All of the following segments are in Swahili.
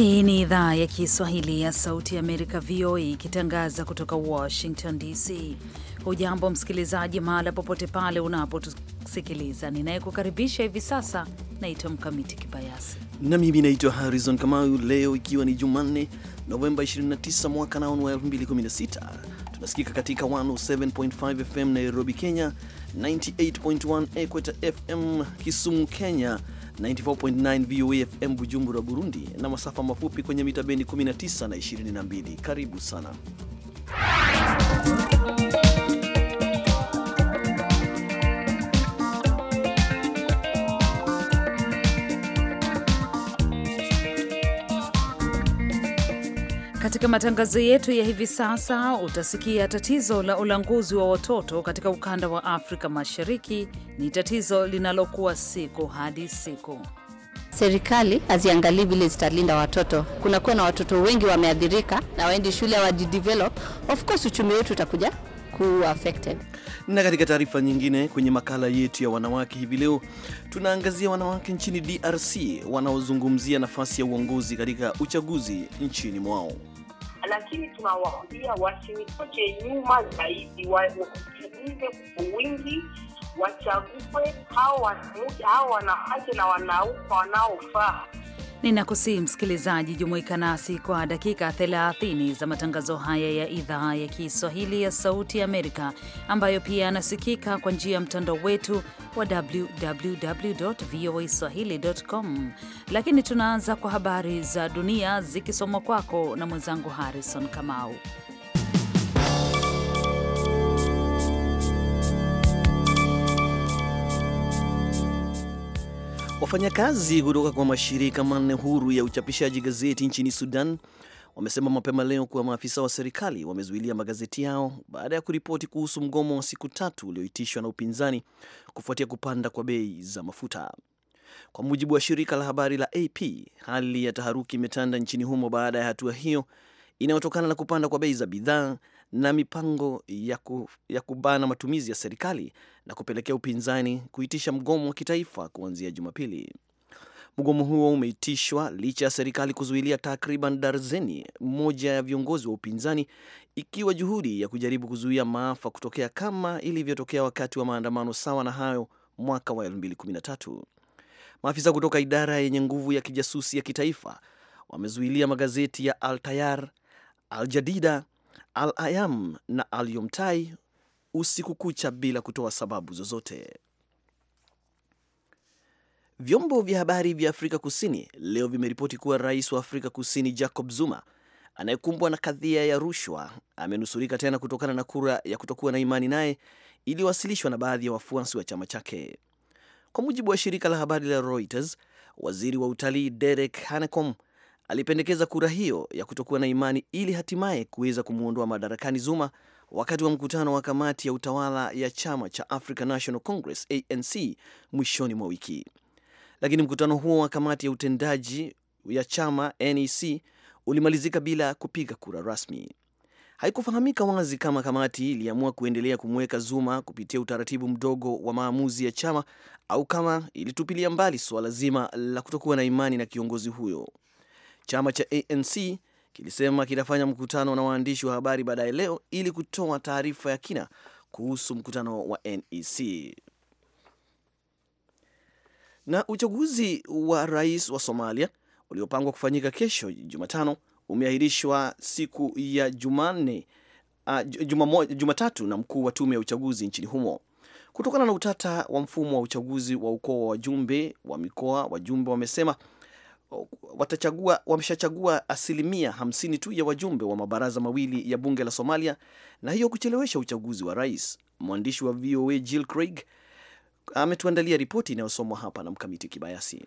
Hii ni idhaa ya Kiswahili ya Sauti ya Amerika, VOA, ikitangaza kutoka Washington DC. Hujambo msikilizaji, mahala popote pale unapotusikiliza. Ninayekukaribisha hivi sasa naitwa Mkamiti Kibayasi na mimi naitwa Harrison Kamau. Leo ikiwa ni Jumanne, Novemba 29 mwaka naon wa 2016 tunasikika katika 107.5 FM Nairobi, Kenya, 98.1 Equator FM Kisumu, Kenya, 94.9 VOA FM Bujumbura, Burundi, na masafa mafupi kwenye mita bendi 19 na 22. Karibu sana Katika matangazo yetu ya hivi sasa utasikia tatizo la ulanguzi wa watoto katika ukanda wa Afrika Mashariki ni tatizo linalokuwa siku hadi siku. Serikali haziangalii vile zitalinda watoto. Kunakuwa na watoto wengi wameathirika na waendi shule hawajidevelop. Of course uchumi wetu utakuja Affected. Na katika taarifa nyingine kwenye makala yetu ya wanawake hivi leo tunaangazia wanawake nchini DRC wanaozungumzia nafasi ya uongozi katika uchaguzi nchini mwao lakini tunawaambia wasinitoke nyuma zaidi, wasikilize kwa wingi, wachague hao wanawake wana na wanaume wanaofaa. Ninakusihi msikilizaji, jumuika nasi kwa dakika 30 za matangazo haya ya idhaa ya Kiswahili ya Sauti ya Amerika, ambayo pia yanasikika kwa njia ya mtandao wetu wa www voa swahili.com. Lakini tunaanza kwa habari za dunia zikisomwa kwako na mwenzangu Harrison Kamau. Wafanyakazi kutoka kwa mashirika manne huru ya uchapishaji gazeti nchini Sudan wamesema mapema leo kuwa maafisa wa serikali wamezuilia magazeti yao baada ya kuripoti kuhusu mgomo wa siku tatu ulioitishwa na upinzani kufuatia kupanda kwa bei za mafuta. Kwa mujibu wa shirika la habari la AP, hali ya taharuki imetanda nchini humo baada ya hatua hiyo inayotokana na kupanda kwa bei za bidhaa na mipango ya, ku, ya kubana matumizi ya serikali na kupelekea upinzani kuitisha mgomo wa kitaifa kuanzia Jumapili. Mgomo huo umeitishwa licha ya serikali kuzuilia takriban darzeni moja ya viongozi wa upinzani, ikiwa juhudi ya kujaribu kuzuia maafa kutokea kama ilivyotokea wakati wa maandamano sawa na hayo mwaka wa 2013. Maafisa kutoka idara yenye nguvu ya kijasusi ya kitaifa wamezuilia magazeti ya Al Tayar, Al Jadida, Al Ayam na Al Yomtai usiku kucha bila kutoa sababu zozote. Vyombo vya habari vya Afrika Kusini leo vimeripoti kuwa rais wa Afrika Kusini Jacob Zuma anayekumbwa na kadhia ya rushwa amenusurika tena kutokana na kura ya kutokuwa na imani naye iliyowasilishwa na baadhi ya wafuasi wa chama chake. Kwa mujibu wa shirika la habari la Reuters, waziri wa utalii Derek Hanekom alipendekeza kura hiyo ya kutokuwa na imani ili hatimaye kuweza kumwondoa madarakani Zuma wakati wa mkutano wa kamati ya utawala ya chama cha African National Congress ANC mwishoni mwa wiki lakini mkutano huo wa kamati ya utendaji ya chama NEC ulimalizika bila kupiga kura rasmi. Haikufahamika wazi kama kamati iliamua kuendelea kumweka Zuma kupitia utaratibu mdogo wa maamuzi ya chama au kama ilitupilia mbali suala zima la kutokuwa na imani na kiongozi huyo. Chama cha ANC kilisema kitafanya mkutano na waandishi wa habari baadaye leo ili kutoa taarifa ya kina kuhusu mkutano wa NEC. Na uchaguzi wa rais wa Somalia uliopangwa kufanyika kesho Jumatano umeahirishwa siku ya Jumanne, ah, uh, Jumamo, Jumatatu na mkuu wa tume ya uchaguzi nchini humo kutokana na utata wa mfumo wa uchaguzi wa ukoo wa wajumbe wa mikoa. Wajumbe wamesema watachagua wameshachagua asilimia 50 tu ya wajumbe wa mabaraza mawili ya bunge la Somalia, na hiyo kuchelewesha uchaguzi wa rais. Mwandishi wa VOA Jill Craig ametuandalia ripoti inayosomwa hapa na Mkamiti Kibayasi.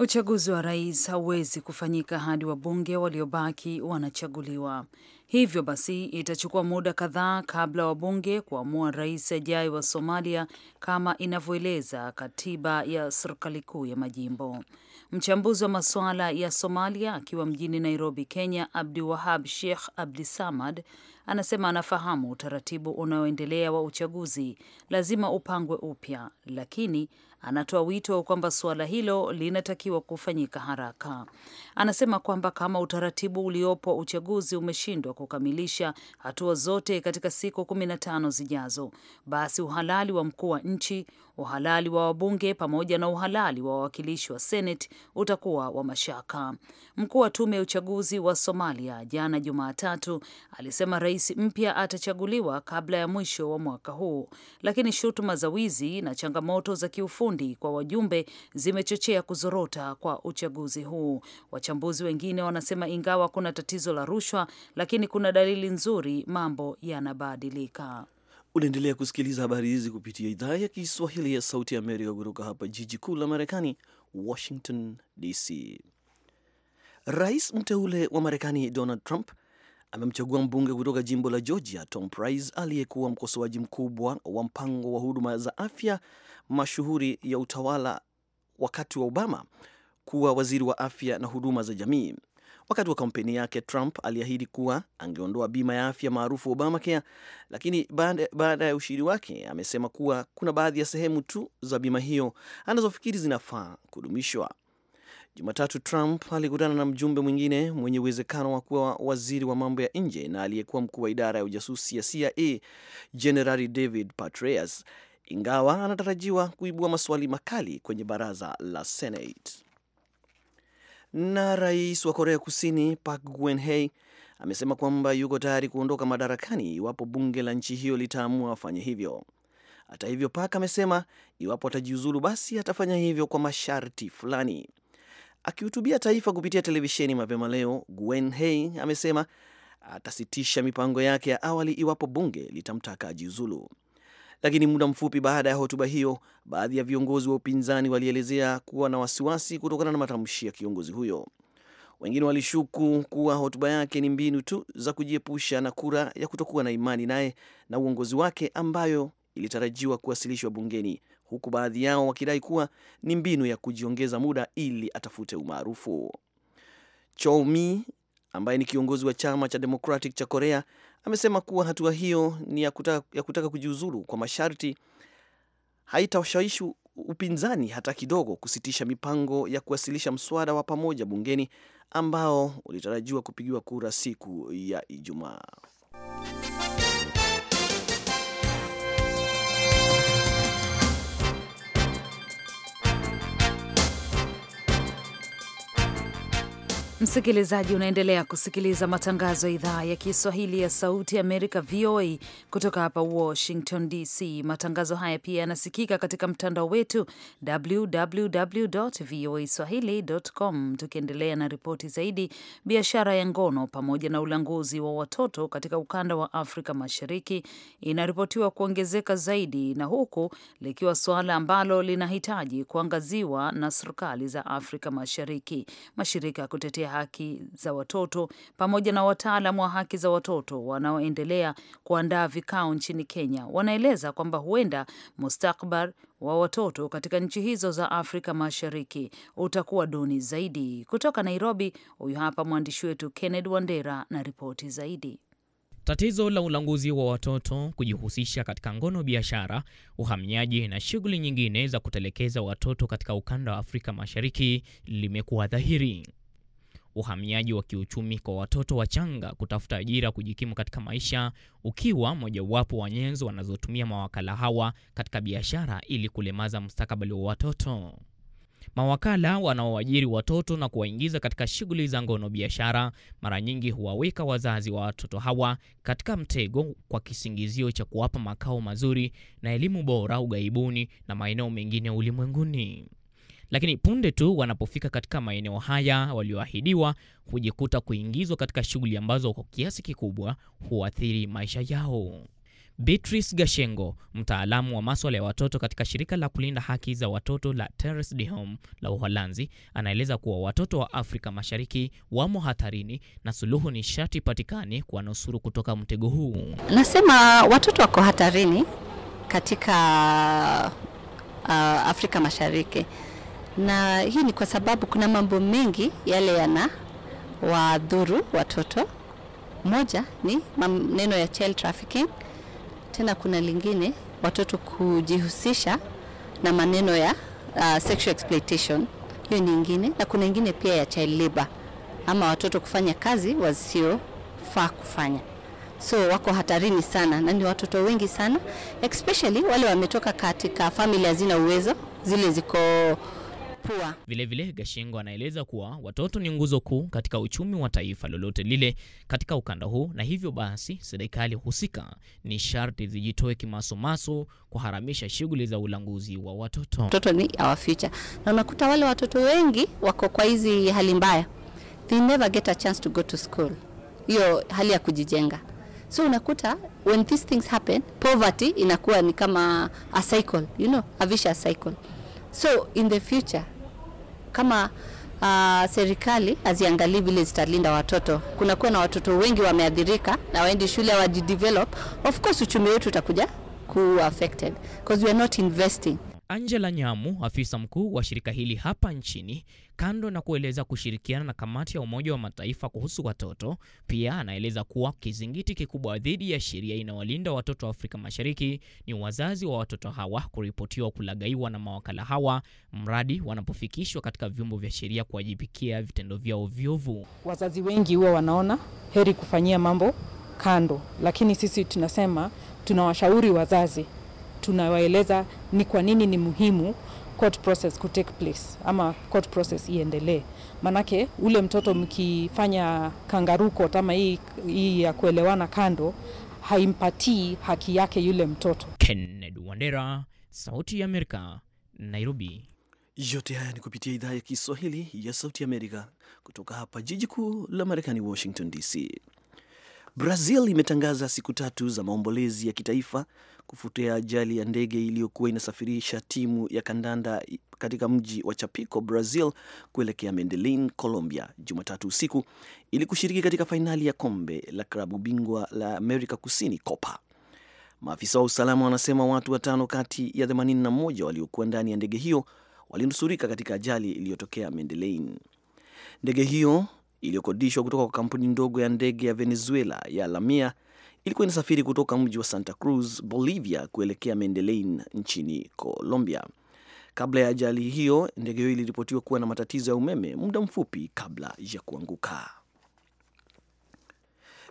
Uchaguzi wa rais hauwezi kufanyika hadi wabunge waliobaki wanachaguliwa. Hivyo basi itachukua muda kadhaa kabla wabunge kuamua rais ajaye wa Somalia kama inavyoeleza katiba ya serikali kuu ya majimbo. Mchambuzi wa masuala ya Somalia akiwa mjini Nairobi, Kenya, wahab Sheikh abdi samad anasema anafahamu utaratibu unaoendelea wa uchaguzi lazima upangwe upya, lakini Anatoa wito kwamba suala hilo linatakiwa kufanyika haraka. Anasema kwamba kama utaratibu uliopo uchaguzi umeshindwa kukamilisha hatua zote katika siku 15 zijazo, basi uhalali wa mkuu wa nchi Uhalali wa wabunge pamoja na uhalali wa wawakilishi wa Senate utakuwa wa mashaka. Mkuu wa tume ya uchaguzi wa Somalia jana Jumatatu alisema rais mpya atachaguliwa kabla ya mwisho wa mwaka huu, lakini shutuma za wizi na changamoto za kiufundi kwa wajumbe zimechochea kuzorota kwa uchaguzi huu. Wachambuzi wengine wanasema ingawa kuna tatizo la rushwa, lakini kuna dalili nzuri mambo yanabadilika. Unaendelea kusikiliza habari hizi kupitia idhaa ya Kiswahili ya Sauti ya Amerika kutoka hapa jiji kuu la Marekani, Washington DC. Rais mteule wa Marekani Donald Trump amemchagua mbunge kutoka jimbo la Georgia Tom Price aliyekuwa mkosoaji mkubwa wa mpango wa huduma za afya mashuhuri ya utawala wakati wa Obama kuwa waziri wa afya na huduma za jamii. Wakati wa kampeni yake, Trump aliahidi kuwa angeondoa bima ya afya maarufu Obamacare, lakini baada ya ushiri wake amesema kuwa kuna baadhi ya sehemu tu za bima hiyo anazofikiri zinafaa kudumishwa. Jumatatu, Trump alikutana na mjumbe mwingine mwenye uwezekano wa kuwa waziri wa mambo ya nje na aliyekuwa mkuu wa idara ya ujasusi ya CIA Generali David Petraeus, ingawa anatarajiwa kuibua maswali makali kwenye baraza la Senate na rais wa Korea Kusini Park Geun-hye amesema kwamba yuko tayari kuondoka madarakani iwapo bunge la nchi hiyo litaamua afanye hivyo. Hata hivyo, Park amesema iwapo atajiuzulu, basi atafanya hivyo kwa masharti fulani. Akihutubia taifa kupitia televisheni mapema leo, Geun-hye amesema atasitisha mipango yake ya awali iwapo bunge litamtaka ajiuzulu. Lakini muda mfupi baada ya hotuba hiyo, baadhi ya viongozi wa upinzani walielezea kuwa na wasiwasi kutokana na matamshi ya kiongozi huyo. Wengine walishuku kuwa hotuba yake ni mbinu tu za kujiepusha na kura ya kutokuwa na imani naye na uongozi wake ambayo ilitarajiwa kuwasilishwa bungeni, huku baadhi yao wakidai kuwa ni mbinu ya kujiongeza muda ili atafute umaarufu. Chomi ambaye ni kiongozi wa chama cha Democratic cha Korea amesema kuwa hatua hiyo ni ya kutaka, ya kutaka kujiuzuru kwa masharti haitashawishi upinzani hata kidogo kusitisha mipango ya kuwasilisha mswada wa pamoja bungeni ambao ulitarajiwa kupigiwa kura siku ya Ijumaa. Msikilizaji, unaendelea kusikiliza matangazo ya idhaa ya Kiswahili ya Sauti ya Amerika, VOA, kutoka hapa Washington DC. Matangazo haya pia yanasikika katika mtandao wetu www voa swahili.com. Tukiendelea na ripoti zaidi, biashara ya ngono pamoja na ulanguzi wa watoto katika ukanda wa Afrika Mashariki inaripotiwa kuongezeka zaidi, na huku likiwa suala ambalo linahitaji kuangaziwa na serikali za Afrika Mashariki. Mashirika ya kutetea haki za watoto pamoja na wataalam wa haki za watoto wanaoendelea kuandaa vikao nchini Kenya wanaeleza kwamba huenda mustakbar wa watoto katika nchi hizo za Afrika Mashariki utakuwa duni zaidi. Kutoka Nairobi, huyu hapa mwandishi wetu kenned Wandera na ripoti zaidi. Tatizo la ulanguzi wa watoto kujihusisha katika ngono biashara, uhamiaji na shughuli nyingine za kutelekeza watoto katika ukanda wa Afrika Mashariki limekuwa dhahiri uhamiaji wa kiuchumi kwa watoto wachanga kutafuta ajira kujikimu katika maisha, ukiwa mojawapo wa nyenzo wanazotumia mawakala hawa katika biashara ili kulemaza mustakabali wa watoto. Mawakala wanaoajiri watoto na kuwaingiza katika shughuli za ngono biashara mara nyingi huwaweka wazazi wa watoto hawa katika mtego kwa kisingizio cha kuwapa makao mazuri na elimu bora ughaibuni na maeneo mengine ulimwenguni lakini punde tu wanapofika katika maeneo haya walioahidiwa hujikuta kuingizwa katika shughuli ambazo kwa kiasi kikubwa huathiri maisha yao. Beatrice Gashengo, mtaalamu wa maswala ya watoto katika shirika la kulinda haki za watoto la Terres de Home la Uholanzi, anaeleza kuwa watoto wa Afrika Mashariki wamo hatarini na suluhu ni sharti patikane kuwanusuru kutoka mtego huu. Nasema watoto wako hatarini katika uh, Afrika Mashariki na hii ni kwa sababu kuna mambo mengi yale yana wadhuru watoto. Moja ni maneno ya child trafficking, tena kuna lingine watoto kujihusisha na maneno ya uh, sexual exploitation, hiyo ni ingine, na kuna ingine pia ya child labor ama watoto kufanya kazi wasiofaa kufanya. So wako hatarini sana, na ni watoto wengi sana, especially wale wametoka katika familia hazina uwezo, zile ziko pua. Vilevile vile, Gashingo anaeleza kuwa watoto ni nguzo kuu katika uchumi wa taifa lolote lile katika ukanda huu, na hivyo basi serikali husika ni sharti zijitoe kimasomaso kuharamisha shughuli za ulanguzi wa watoto. Watoto ni our future, na unakuta wale watoto wengi wako kwa hizi hali mbaya, they never get a chance to go to school, hiyo hali ya kujijenga So unakuta when these things happen, poverty inakuwa ni kama a cycle, you know, a vicious cycle. So in the future kama uh, serikali haziangalii vile zitalinda watoto, kunakuwa na watoto wengi wameathirika na waendi shule hawajidevelop, of course uchumi wetu utakuja ku affected because we are not investing. Angela Nyamu, afisa mkuu wa shirika hili hapa nchini, kando na kueleza kushirikiana na kamati ya Umoja wa Mataifa kuhusu watoto, pia anaeleza kuwa kizingiti kikubwa dhidi ya sheria inayolinda watoto wa Afrika Mashariki ni wazazi wa watoto hawa kuripotiwa kulagaiwa na mawakala hawa, mradi wanapofikishwa katika vyombo vya sheria kuwajibikia vitendo vyao viovu. Wazazi wengi huwa wanaona heri kufanyia mambo kando, lakini sisi tunasema tunawashauri wazazi tunawaeleza ni kwa nini ni muhimu court process ku take place ama court process iendelee, manake ule mtoto mkifanya kangaruko ama hii, hii ya kuelewana kando haimpatii haki yake yule mtoto. Kennedy Wandera, Sauti ya Amerika, Nairobi. Yote haya ni kupitia idhaa ya Kiswahili ya Sauti Amerika kutoka hapa jiji kuu la Marekani, Washington DC. Brazil imetangaza siku tatu za maombolezi ya kitaifa kufutia ajali ya ndege iliyokuwa inasafirisha timu ya kandanda katika mji wa Chapico, Brazil, kuelekea Medellin, Colombia, Jumatatu usiku ili kushiriki katika fainali ya kombe la klabu bingwa la Amerika Kusini, Copa. Maafisa wa usalama wanasema watu watano kati ya 81 waliokuwa ndani ya ndege hiyo walinusurika katika ajali iliyotokea Medellin. Ndege hiyo iliyokodishwa kutoka kwa kampuni ndogo ya ndege ya Venezuela ya Lamia ilikuwa inasafiri kutoka mji wa Santa Cruz, Bolivia, kuelekea Mendelein nchini Colombia. Kabla ya ajali hiyo, ndege hiyo iliripotiwa kuwa na matatizo ya umeme muda mfupi kabla ya kuanguka.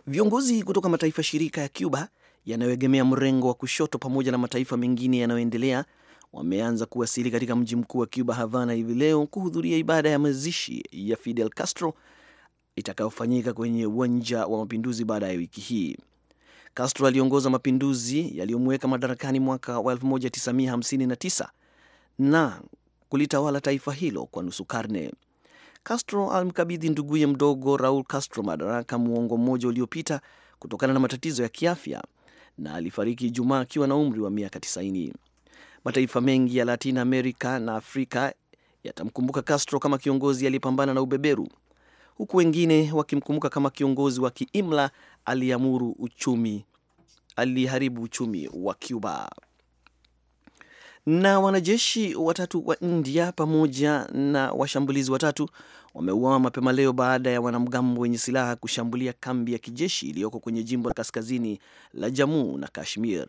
Viongozi kutoka mataifa shirika ya Cuba yanayoegemea mrengo wa kushoto pamoja na mataifa mengine yanayoendelea wameanza kuwasili katika mji mkuu wa Cuba, Havana, hivi leo kuhudhuria ibada ya mazishi ya Fidel Castro itakayofanyika kwenye uwanja wa mapinduzi baada ya wiki hii. Castro aliongoza mapinduzi yaliyomuweka madarakani mwaka wa 1959 na kulitawala taifa hilo kwa nusu karne. Castro alimkabidhi nduguye mdogo Raul Castro madaraka muongo mmoja uliopita kutokana na matatizo ya kiafya na alifariki Ijumaa akiwa na umri wa miaka 90. Mataifa mengi ya Latin America na Afrika yatamkumbuka Castro kama kiongozi aliyepambana na ubeberu huku wengine wakimkumbuka kama kiongozi wa kiimla aliyeamuru uchumi aliharibu uchumi wa Cuba. Na wanajeshi watatu wa India pamoja na washambulizi watatu wameuawa mapema leo baada ya wanamgambo wenye silaha kushambulia kambi ya kijeshi iliyoko kwenye jimbo la kaskazini la Jammu na Kashmir.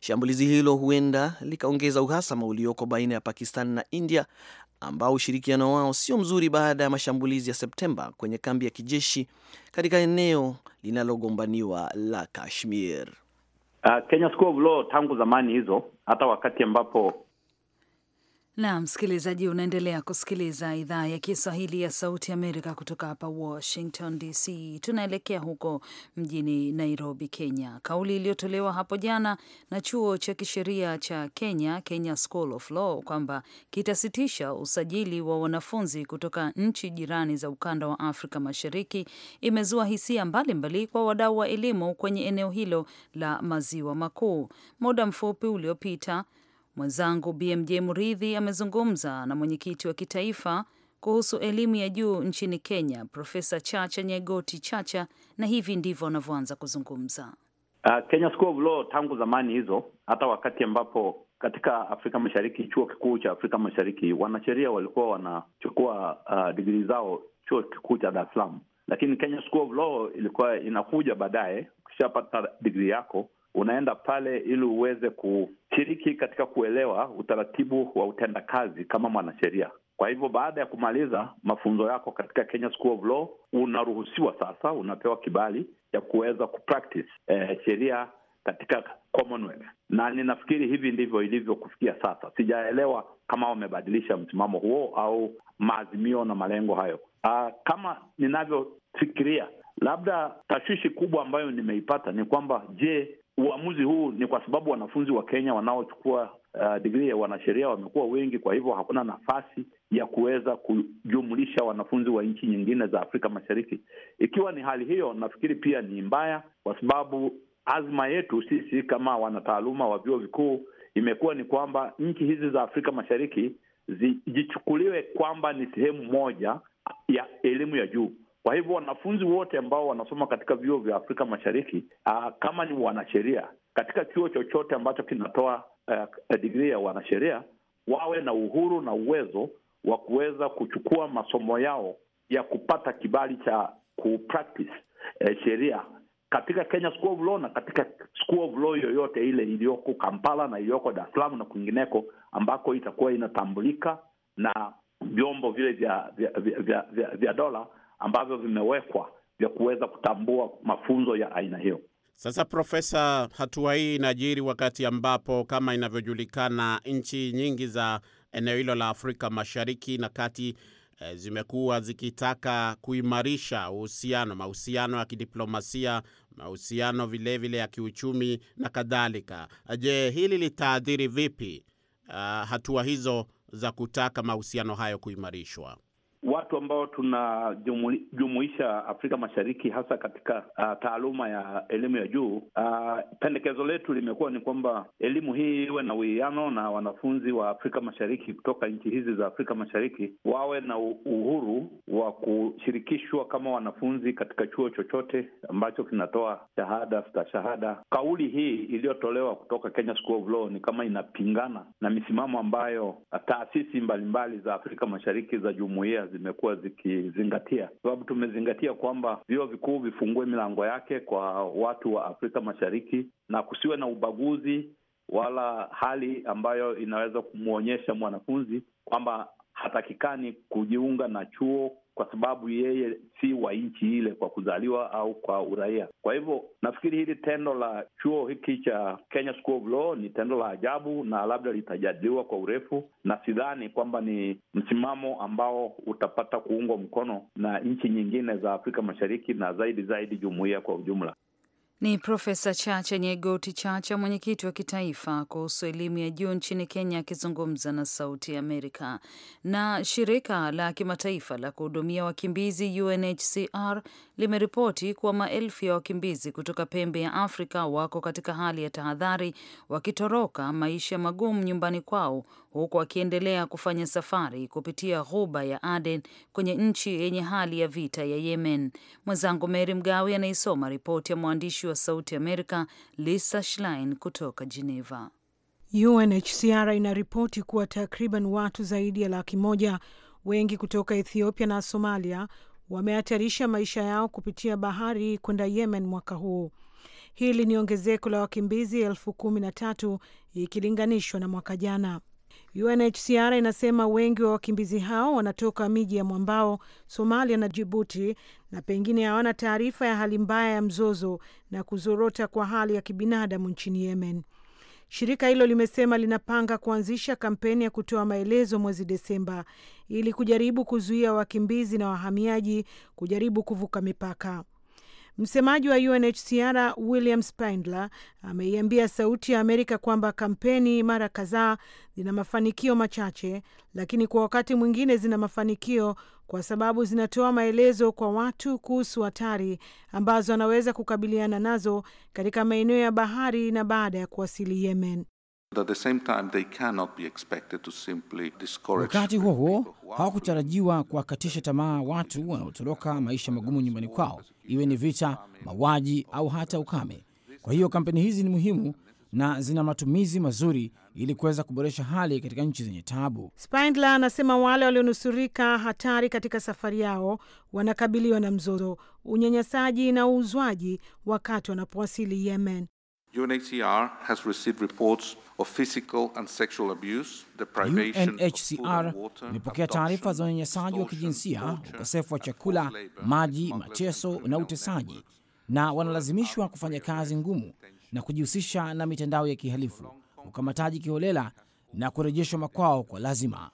Shambulizi hilo huenda likaongeza uhasama ulioko baina ya Pakistan na India ambao ushirikiano wao sio mzuri baada ya mashambulizi ya Septemba kwenye kambi ya kijeshi katika eneo linalogombaniwa la Kashmir. Uh, Kenya School of Law tangu zamani hizo, hata wakati ambapo na msikilizaji, unaendelea kusikiliza idhaa ya Kiswahili ya Sauti Amerika kutoka hapa Washington DC. Tunaelekea huko mjini Nairobi, Kenya. Kauli iliyotolewa hapo jana na chuo cha kisheria cha Kenya, Kenya School of Law, kwamba kitasitisha usajili wa wanafunzi kutoka nchi jirani za ukanda wa Afrika Mashariki imezua hisia mbalimbali kwa wadau wa elimu kwenye eneo hilo la maziwa makuu. Muda mfupi uliopita Mwenzangu BMJ Muridhi amezungumza na mwenyekiti wa kitaifa kuhusu elimu ya juu nchini Kenya, Profesa Chacha Nyegoti Chacha, na hivi ndivyo anavyoanza kuzungumza. Uh, Kenya School of Law tangu zamani hizo, hata wakati ambapo katika Afrika Mashariki, chuo kikuu cha Afrika Mashariki, wanasheria walikuwa wanachukua uh, ah, digri zao chuo kikuu cha Dar es Salaam, lakini Kenya School of Law ilikuwa inakuja baadaye. Ukishapata digrii yako unaenda pale ili uweze kushiriki katika kuelewa utaratibu wa utendakazi kama mwanasheria. Kwa hivyo baada ya kumaliza mafunzo yako katika Kenya School of Law, unaruhusiwa sasa, unapewa kibali ya kuweza kupractice eh, sheria katika Commonwealth. Na ninafikiri hivi ndivyo ilivyo kufikia sasa. Sijaelewa kama wamebadilisha msimamo huo au maazimio na malengo hayo. Aa, ah, kama ninavyofikiria, labda tashwishi kubwa ambayo nimeipata ni kwamba, je, uamuzi huu ni kwa sababu wanafunzi wa Kenya wanaochukua uh, digrii ya wanasheria wamekuwa wengi, kwa hivyo hakuna nafasi ya kuweza kujumlisha wanafunzi wa nchi nyingine za Afrika Mashariki. Ikiwa ni hali hiyo, nafikiri pia ni mbaya, kwa sababu azma yetu sisi kama wanataaluma wa vyuo vikuu imekuwa ni kwamba nchi hizi za Afrika Mashariki zijichukuliwe kwamba ni sehemu moja ya elimu ya juu. Kwa hivyo wanafunzi wote ambao wanasoma katika vyuo vya Afrika Mashariki uh, kama ni wanasheria katika chuo chochote ambacho kinatoa uh, eh, digrii ya wanasheria wawe na uhuru na uwezo wa kuweza kuchukua masomo yao ya kupata kibali cha kupractice eh, sheria katika Kenya School of Law na katika School of Law yoyote ile iliyoko Kampala na iliyoko Dar es Salaam na kwingineko ambako itakuwa inatambulika na vyombo vile vya vya, vya, vya, vya dola ambavyo vimewekwa vya kuweza kutambua mafunzo ya aina hiyo. Sasa Profesa, hatua hii inajiri wakati ambapo kama inavyojulikana nchi nyingi za eneo hilo la Afrika Mashariki na Kati e, zimekuwa zikitaka kuimarisha uhusiano, mahusiano ya kidiplomasia, mahusiano vilevile ya kiuchumi na kadhalika. Je, hili litaathiri vipi a, ah, hatua hizo za kutaka mahusiano hayo kuimarishwa? watu ambao tunajumuisha Afrika Mashariki hasa katika uh, taaluma ya elimu ya juu uh, pendekezo letu limekuwa ni kwamba elimu hii iwe na uwiano na wanafunzi wa Afrika Mashariki kutoka nchi hizi za Afrika Mashariki wawe na uhuru wa kushirikishwa kama wanafunzi katika chuo chochote ambacho kinatoa shahada stashahada. Kauli hii iliyotolewa kutoka Kenya School of Law ni kama inapingana na misimamo ambayo ah, taasisi mbalimbali za Afrika Mashariki za jumuiya zimekuwa zikizingatia, sababu tumezingatia kwamba vyuo vikuu vifungue milango yake kwa watu wa Afrika Mashariki na kusiwe na ubaguzi wala hali ambayo inaweza kumwonyesha mwanafunzi kwamba hatakikani kujiunga na chuo kwa sababu yeye si wa nchi ile kwa kuzaliwa au kwa uraia. Kwa hivyo nafikiri hili tendo la chuo hiki cha Kenya School of Law ni tendo la ajabu na labda litajadiliwa kwa urefu, na sidhani kwamba ni msimamo ambao utapata kuungwa mkono na nchi nyingine za Afrika Mashariki na zaidi zaidi jumuiya kwa ujumla. Ni Profesa Chacha Nyegoti Chacha, mwenyekiti wa kitaifa kuhusu elimu ya juu nchini Kenya, akizungumza na Sauti ya Amerika. Na shirika la kimataifa la kuhudumia wakimbizi UNHCR limeripoti kuwa maelfu ya wakimbizi kutoka pembe ya Afrika wako katika hali ya tahadhari, wakitoroka maisha magumu nyumbani kwao huku akiendelea kufanya safari kupitia ghuba ya Aden kwenye nchi yenye hali ya vita ya Yemen. Mwenzangu mery Mgawe anaisoma ripoti ya mwandishi wa Sauti Amerika Lisa Schlein kutoka Geneva. UNHCR inaripoti kuwa takriban watu zaidi ya laki moja, wengi kutoka Ethiopia na Somalia, wamehatarisha maisha yao kupitia bahari kwenda Yemen mwaka huu. Hili ni ongezeko la wakimbizi elfu kumi na tatu ikilinganishwa na mwaka jana. UNHCR inasema wengi wa wakimbizi hao wanatoka miji ya mwambao Somalia na Jibuti, na pengine hawana taarifa ya hali mbaya ya mzozo na kuzorota kwa hali ya kibinadamu nchini Yemen. Shirika hilo limesema linapanga kuanzisha kampeni ya kutoa maelezo mwezi Desemba ili kujaribu kuzuia wakimbizi na wahamiaji kujaribu kuvuka mipaka. Msemaji wa UNHCR William Spindler ameiambia Sauti ya Amerika kwamba kampeni mara kadhaa zina mafanikio machache, lakini kwa wakati mwingine zina mafanikio kwa sababu zinatoa maelezo kwa watu kuhusu hatari ambazo wanaweza kukabiliana nazo katika maeneo ya bahari na baada ya kuwasili Yemen. Wakati huo huo, hawakutarajiwa kuwakatisha tamaa watu wanaotoroka maisha magumu nyumbani kwao, iwe ni vita, mauaji au hata ukame. Kwa hiyo kampeni hizi ni muhimu na zina matumizi mazuri ili kuweza kuboresha hali katika nchi zenye taabu. Spindler anasema wale walionusurika hatari katika safari yao wanakabiliwa na mzozo, unyanyasaji na uuzwaji wakati wanapowasili Yemen. UNHCR has received reports UNHCR imepokea taarifa za unyanyasaji wa kijinsia, ukosefu wa chakula, maji, mateso na utesaji, na wanalazimishwa kufanya kazi ngumu na kujihusisha na mitandao ya kihalifu, ukamataji kiholela na kurejeshwa makwao kwa lazima.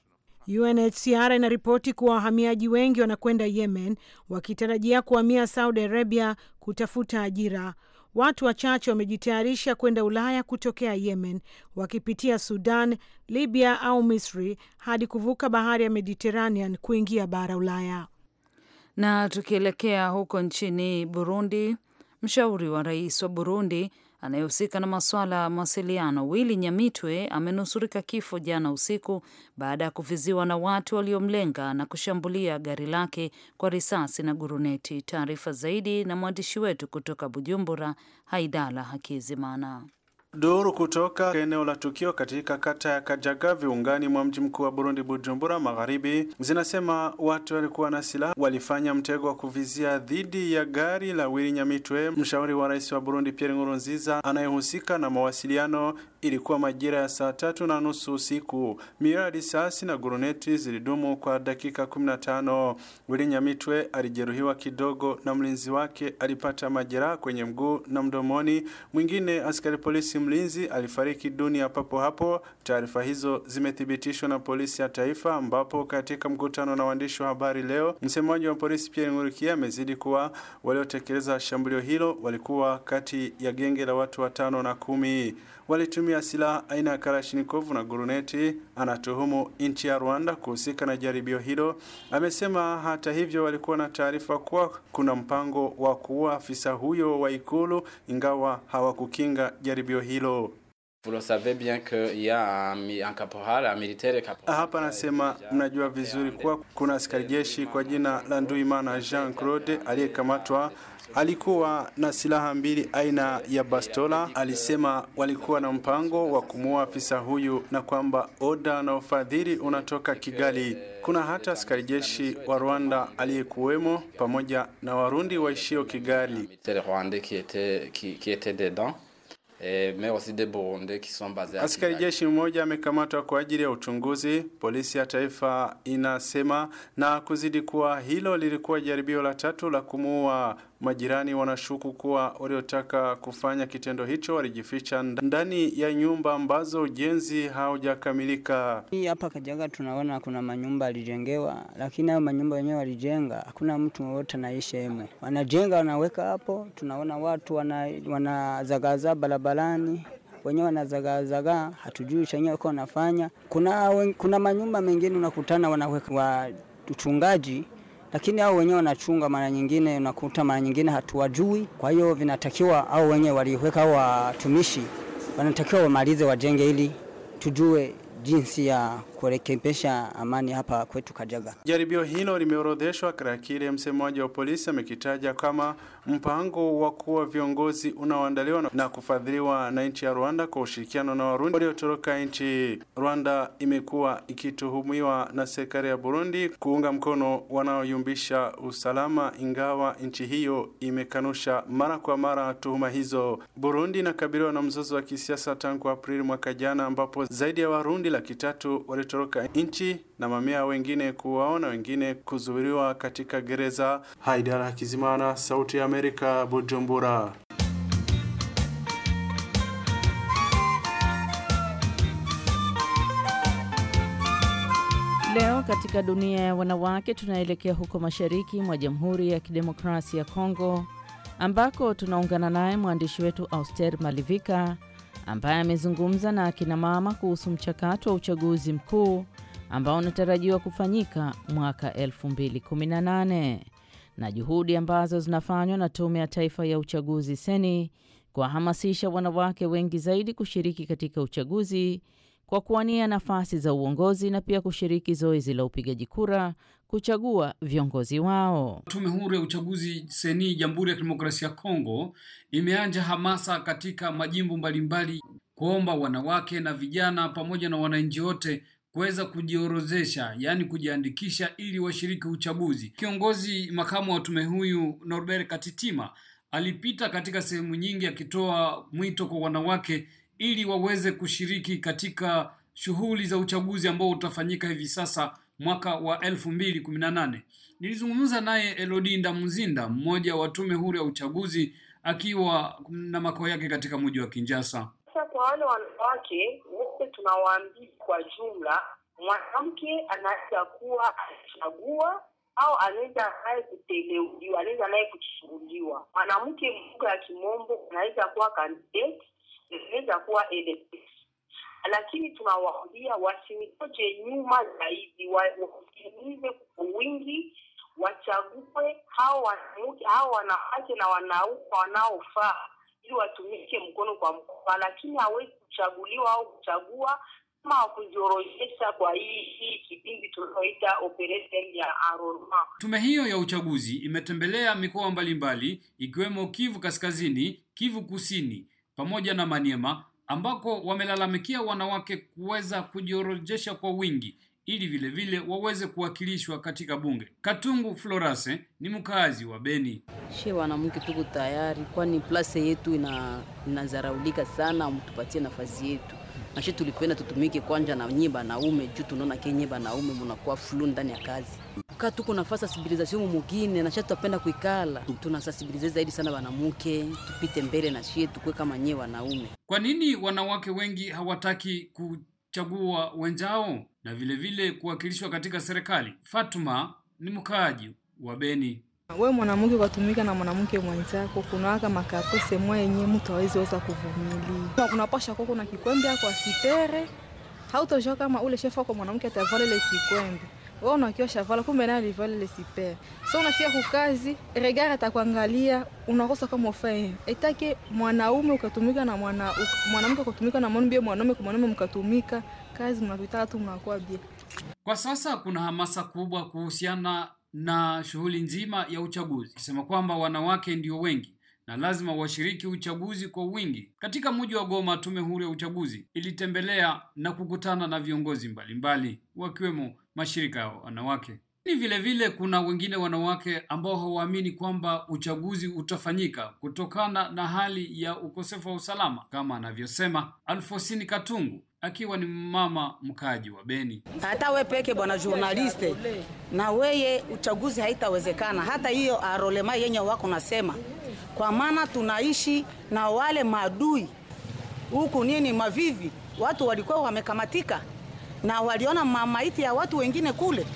UNHCR inaripoti kuwa wahamiaji wengi wanakwenda Yemen wakitarajia kuhamia Saudi Arabia kutafuta ajira Watu wachache wamejitayarisha kwenda Ulaya kutokea Yemen, wakipitia Sudan, Libya au Misri hadi kuvuka bahari ya Mediterranean kuingia bara Ulaya. Na tukielekea huko nchini Burundi, mshauri wa rais wa Burundi anayehusika na masuala ya mawasiliano Willy Nyamitwe amenusurika kifo jana usiku baada ya kuviziwa na watu waliomlenga na kushambulia gari lake kwa risasi na guruneti. Taarifa zaidi na mwandishi wetu kutoka Bujumbura, Haidala Hakizimana. Duru kutoka eneo la tukio katika kata ya Kajaga viungani mwa mji mkuu wa Burundi Bujumbura Magharibi zinasema watu walikuwa na silaha walifanya mtego wa kuvizia dhidi ya gari la Willy Nyamitwe, mshauri wa rais wa Burundi Pierre Nkurunziza anayehusika na mawasiliano. Ilikuwa majira ya saa tatu na nusu usiku. Mira risasi na guruneti zilidumu kwa dakika 15. Willy Nyamitwe alijeruhiwa kidogo na mlinzi wake alipata majeraha kwenye mguu na mdomoni, mwingine askari polisi mlinzi alifariki dunia papo hapo. Taarifa hizo zimethibitishwa na polisi ya taifa, ambapo katika mkutano na waandishi wa habari leo, msemaji wa polisi Pierre Ngurikia amezidi kuwa waliotekeleza shambulio hilo walikuwa kati ya genge la watu watano na kumi walitumia silaha aina ya Kalashnikov na guruneti. Anatuhumu nchi ya Rwanda kuhusika na jaribio hilo. Amesema hata hivyo, walikuwa na taarifa kuwa kuna mpango wa kuua afisa huyo wa Ikulu, ingawa hawakukinga jaribio hilo. Hapa anasema mnajua vizuri kuwa kuna askari jeshi kwa jina la Nduimana Jean Claude aliyekamatwa alikuwa na silaha mbili aina ya bastola. Alisema walikuwa na mpango wa kumuua afisa huyu na kwamba oda na ufadhili unatoka Kigali. Kuna hata askari jeshi wa Rwanda aliyekuwemo pamoja na Warundi waishio Kigali. Askari jeshi mmoja amekamatwa kwa ajili ya uchunguzi, polisi ya taifa inasema, na kuzidi kuwa hilo lilikuwa jaribio la tatu la kumuua. Majirani wanashuku kuwa waliotaka kufanya kitendo hicho walijificha ndani ya nyumba ambazo ujenzi haujakamilika. Hii hapa Kajaga tunaona kuna manyumba yalijengewa, lakini hayo manyumba wenyewe walijenga, hakuna mtu wowote anaishi hemo. Wanajenga wanaweka hapo, tunaona watu wanazagazaa wana barabarani wenyewe wanazagaazagaa, hatujui chenye wako wanafanya. Kuna, kuna manyumba mengine unakutana wanaweka wachungaji lakini hao wenyewe wanachunga, mara nyingine unakuta mara nyingine hatuwajui. Kwa hiyo vinatakiwa au wenyewe waliweka watumishi wanatakiwa wamalize, wajenge ili tujue jinsi ya kurekebisha amani hapa kwetu Kajaga. Jaribio hilo limeorodheshwa kile msemaji wa polisi amekitaja kama mpango wa kuwa viongozi unaoandaliwa na kufadhiliwa na nchi ya Rwanda kwa ushirikiano na Warundi waliotoroka nchi. Rwanda imekuwa ikituhumiwa na serikali ya Burundi kuunga mkono wanaoyumbisha usalama, ingawa nchi hiyo imekanusha mara kwa mara tuhuma hizo. Burundi inakabiliwa na mzozo wa kisiasa tangu Aprili mwaka jana, ambapo zaidi ya Warundi laki tatu kutoroka nchi na mamia wengine kuwaona na wengine kuzuiliwa katika gereza. Haidara Hakizimana, Sauti ya Amerika, Bujumbura. Leo katika dunia ya wanawake tunaelekea huko mashariki mwa Jamhuri ya Kidemokrasia ya Kongo ambako tunaungana naye mwandishi wetu Auster Malivika ambaye amezungumza na akinamama kuhusu mchakato wa uchaguzi mkuu ambao unatarajiwa kufanyika mwaka 2018 na juhudi ambazo zinafanywa na Tume ya Taifa ya Uchaguzi seni kuwahamasisha wanawake wengi zaidi kushiriki katika uchaguzi kwa kuwania nafasi za uongozi na pia kushiriki zoezi la upigaji kura kuchagua viongozi wao. Tume huru ya uchaguzi seni Jamhuri ya Kidemokrasia ya Kongo imeanja hamasa katika majimbo mbalimbali kuomba wanawake na vijana pamoja na wananchi wote kuweza kujiorozesha, yaani kujiandikisha ili washiriki uchaguzi. Kiongozi makamu wa tume huyu Norbert Katitima alipita katika sehemu nyingi akitoa mwito kwa wanawake ili waweze kushiriki katika shughuli za uchaguzi ambao utafanyika hivi sasa mwaka wa 2018. Nilizungumza naye Elodie Ndamuzinda, mmoja wa tume huru ya uchaguzi akiwa na makao yake katika mji wa Kinjasa. Sasa kwa wale wanawake wote tunawaambia kwa jumla, mwanamke anaweza kuwa anachagua au anaweza naye kuteleuliwa anaweza naye kuchaguliwa. Mwanamke mmoja ya kimombo anaweza kuwa candidate, anaweza kuwa elected lakini tunawaambia wasinitoje nyuma zaidi, wasimize kwa wingi, wachague hao wanawake na wanaume wanaofaa ili watumike mkono kwa mkono, lakini hawezi kuchaguliwa au kuchagua kama wakujorojesha kwa hii hii kipindi tunaoita operation ya aroma. Tume hiyo ya uchaguzi imetembelea mikoa mbalimbali ikiwemo Kivu Kaskazini, Kivu Kusini pamoja na Maniema ambako wamelalamikia wanawake kuweza kujiorojesha kwa wingi ili vile vile waweze kuwakilishwa katika bunge. Katungu Florase ni mkazi wa Beni. She wanamke, tuko tayari, kwani place yetu ina inazaraulika sana, mtupatie nafasi yetu na she tulipenda tutumike kwanja na nyimba naume juu tunaona kenye banaume munakuwa flu ndani ya kazi kaa tuko na fasi sensibilisation mumugine nasha tutapenda kuikala, tuna sensibilize zaidi sana wanamuke, tupite mbele na shie tukue kama nyewe wanaume. Kwa nini wanawake wengi hawataki kuchagua wenzao na vilevile kuwakilishwa katika serikali? Fatuma ni mkaaji wa Beni. We mwanamke ukatumika na mwanamke mwenzako, kunawaka makakose mwa yenye mtu hawezi weza kuvumilia. Kunapasha koko na kikwembe yako asipere, hautoshoka kama ule shefu wako mwanamke atavala ile kikwembe wewe unakiosha shavala, kumbe naye alivala ile super. So unafika kukazi, regard atakuangalia, unakosa kama ufanye. etake mwanaume ukatumika na mwana mwanamke ukatumika na mwanaume, mwanaume kwa mwanaume mkatumika, kazi mnapita tu mnakuwa bia. Kwa sasa kuna hamasa kubwa kuhusiana na shughuli nzima ya uchaguzi, kisema kwamba wanawake ndio wengi na lazima washiriki uchaguzi kwa wingi. Katika mji wa Goma, tume huru ya uchaguzi ilitembelea na kukutana na viongozi mbalimbali wakiwemo mashirika ya wanawake. Ni vile vile kuna wengine wanawake ambao hawaamini kwamba uchaguzi utafanyika kutokana na hali ya ukosefu wa usalama, kama anavyosema Alfosini Katungu akiwa ni mama mkaji wa Beni. Hata we peke bwana journaliste, na weye uchaguzi haitawezekana. Hata hiyo arolema yenye wako nasema kwa maana tunaishi na wale maadui huku nini Mavivi. Watu walikuwa wamekamatika na waliona mamaiti ya watu wengine kule.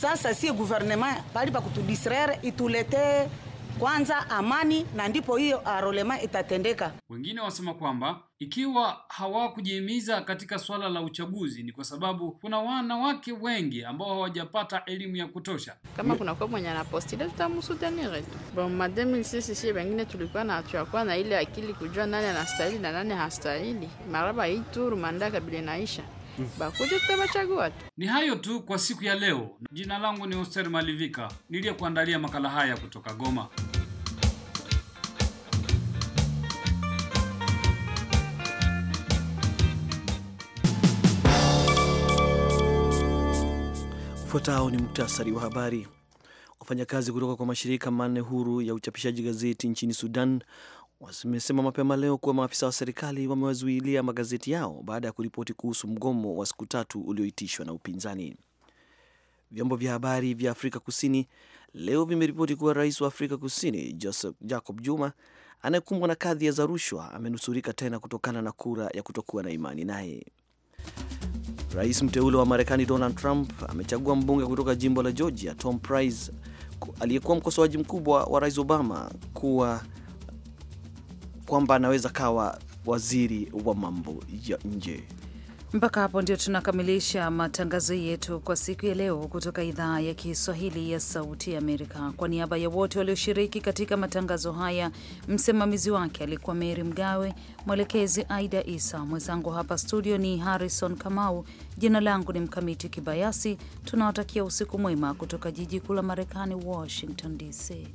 Sasa sie guvernema bali pa kutudistraire ituletee kwanza amani, na ndipo hiyo arolema itatendeka. Wengine wasema kwamba ikiwa hawakujihimiza katika swala la uchaguzi ni kwa sababu kuna wanawake wengi ambao hawajapata elimu ya kutosha. Kama kuna kwa mwenye anaposti ile tutamsutanire tu. Bon madame sisi sisi wengine tulikuwa na tuyakuwa na ile akili kujua nani anastahili na nani hastahili. Maraba hii tu rumanda kabila naisha. Mm. Bakuja tutabachagua tu. Ni hayo tu kwa siku ya leo. Jina langu ni Oster Malivika. Niliyekuandalia makala haya kutoka Goma. Ufuatao ni muktasari wa habari. Wafanyakazi kutoka kwa mashirika manne huru ya uchapishaji gazeti nchini Sudan wamesema mapema leo kuwa maafisa wa serikali wamewazuilia magazeti yao baada ya kuripoti kuhusu mgomo wa siku tatu ulioitishwa na upinzani. Vyombo vya habari vya Afrika Kusini leo vimeripoti kuwa rais wa Afrika Kusini Joseph Jacob Juma anayekumbwa na kadhia za rushwa amenusurika tena kutokana na kura ya kutokuwa na imani naye. Rais mteule wa Marekani Donald Trump amechagua mbunge kutoka jimbo la Georgia Tom Price aliyekuwa mkosoaji mkubwa wa Rais Obama kuwa kwamba anaweza kawa waziri wa mambo ya nje. Mpaka hapo ndio tunakamilisha matangazo yetu kwa siku ya leo kutoka idhaa ya Kiswahili ya Sauti Amerika. Kwa niaba ya wote walioshiriki katika matangazo haya, msimamizi wake alikuwa Meri Mgawe, mwelekezi Aida Isa, mwenzangu hapa studio ni Harrison Kamau, jina langu ni Mkamiti Kibayasi. Tunawatakia usiku mwema kutoka jiji kuu la Marekani, Washington DC.